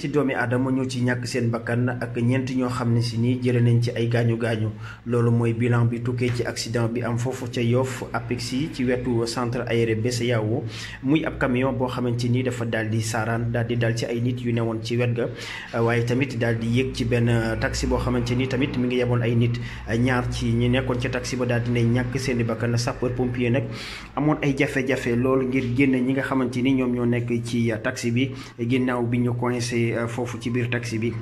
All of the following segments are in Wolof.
ci doomi aadama ñoo ci ñàkk seen bakkan ak ñeent ñoo xam ne si nii jëlee nañ ci ay gaañu gaañu loolu mooy bilan bi tukkee ci accident bi am foofu ca yoof APEXI ci wetu centre aéré BCEAO muy ab camion boo xamante nii dafa daal di saaraan daal di daal ci ay nit yu newoon ci wet ga waaye tamit daal di yéeg ci benn taxi boo xamante ni tamit mu ngi yemoon ay nit ñaar ci ñu nekkoon ca taxi ba daal dinañ ñàkk seen i bakkan sapeur pompier nag amoon ay jafe loolu ngir génn ñi nga xamante ni ñoom ñoo nekk ci taxi bi Euh, foofu ci biir taxi bi.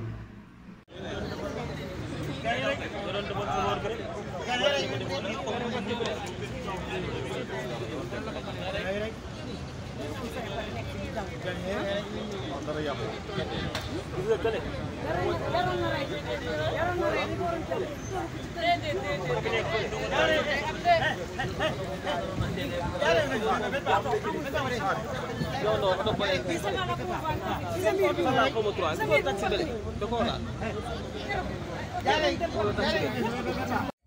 non non oto booy bi sama la ko mo trois ko taxi bele da ko la